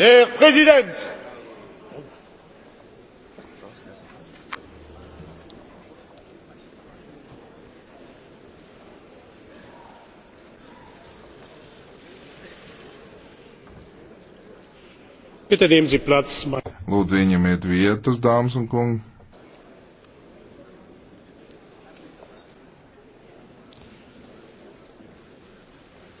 Der Präsident! Bitte nehmen Sie Platz. Lūdzu, ieņemiet vietas, dāmas un kungi.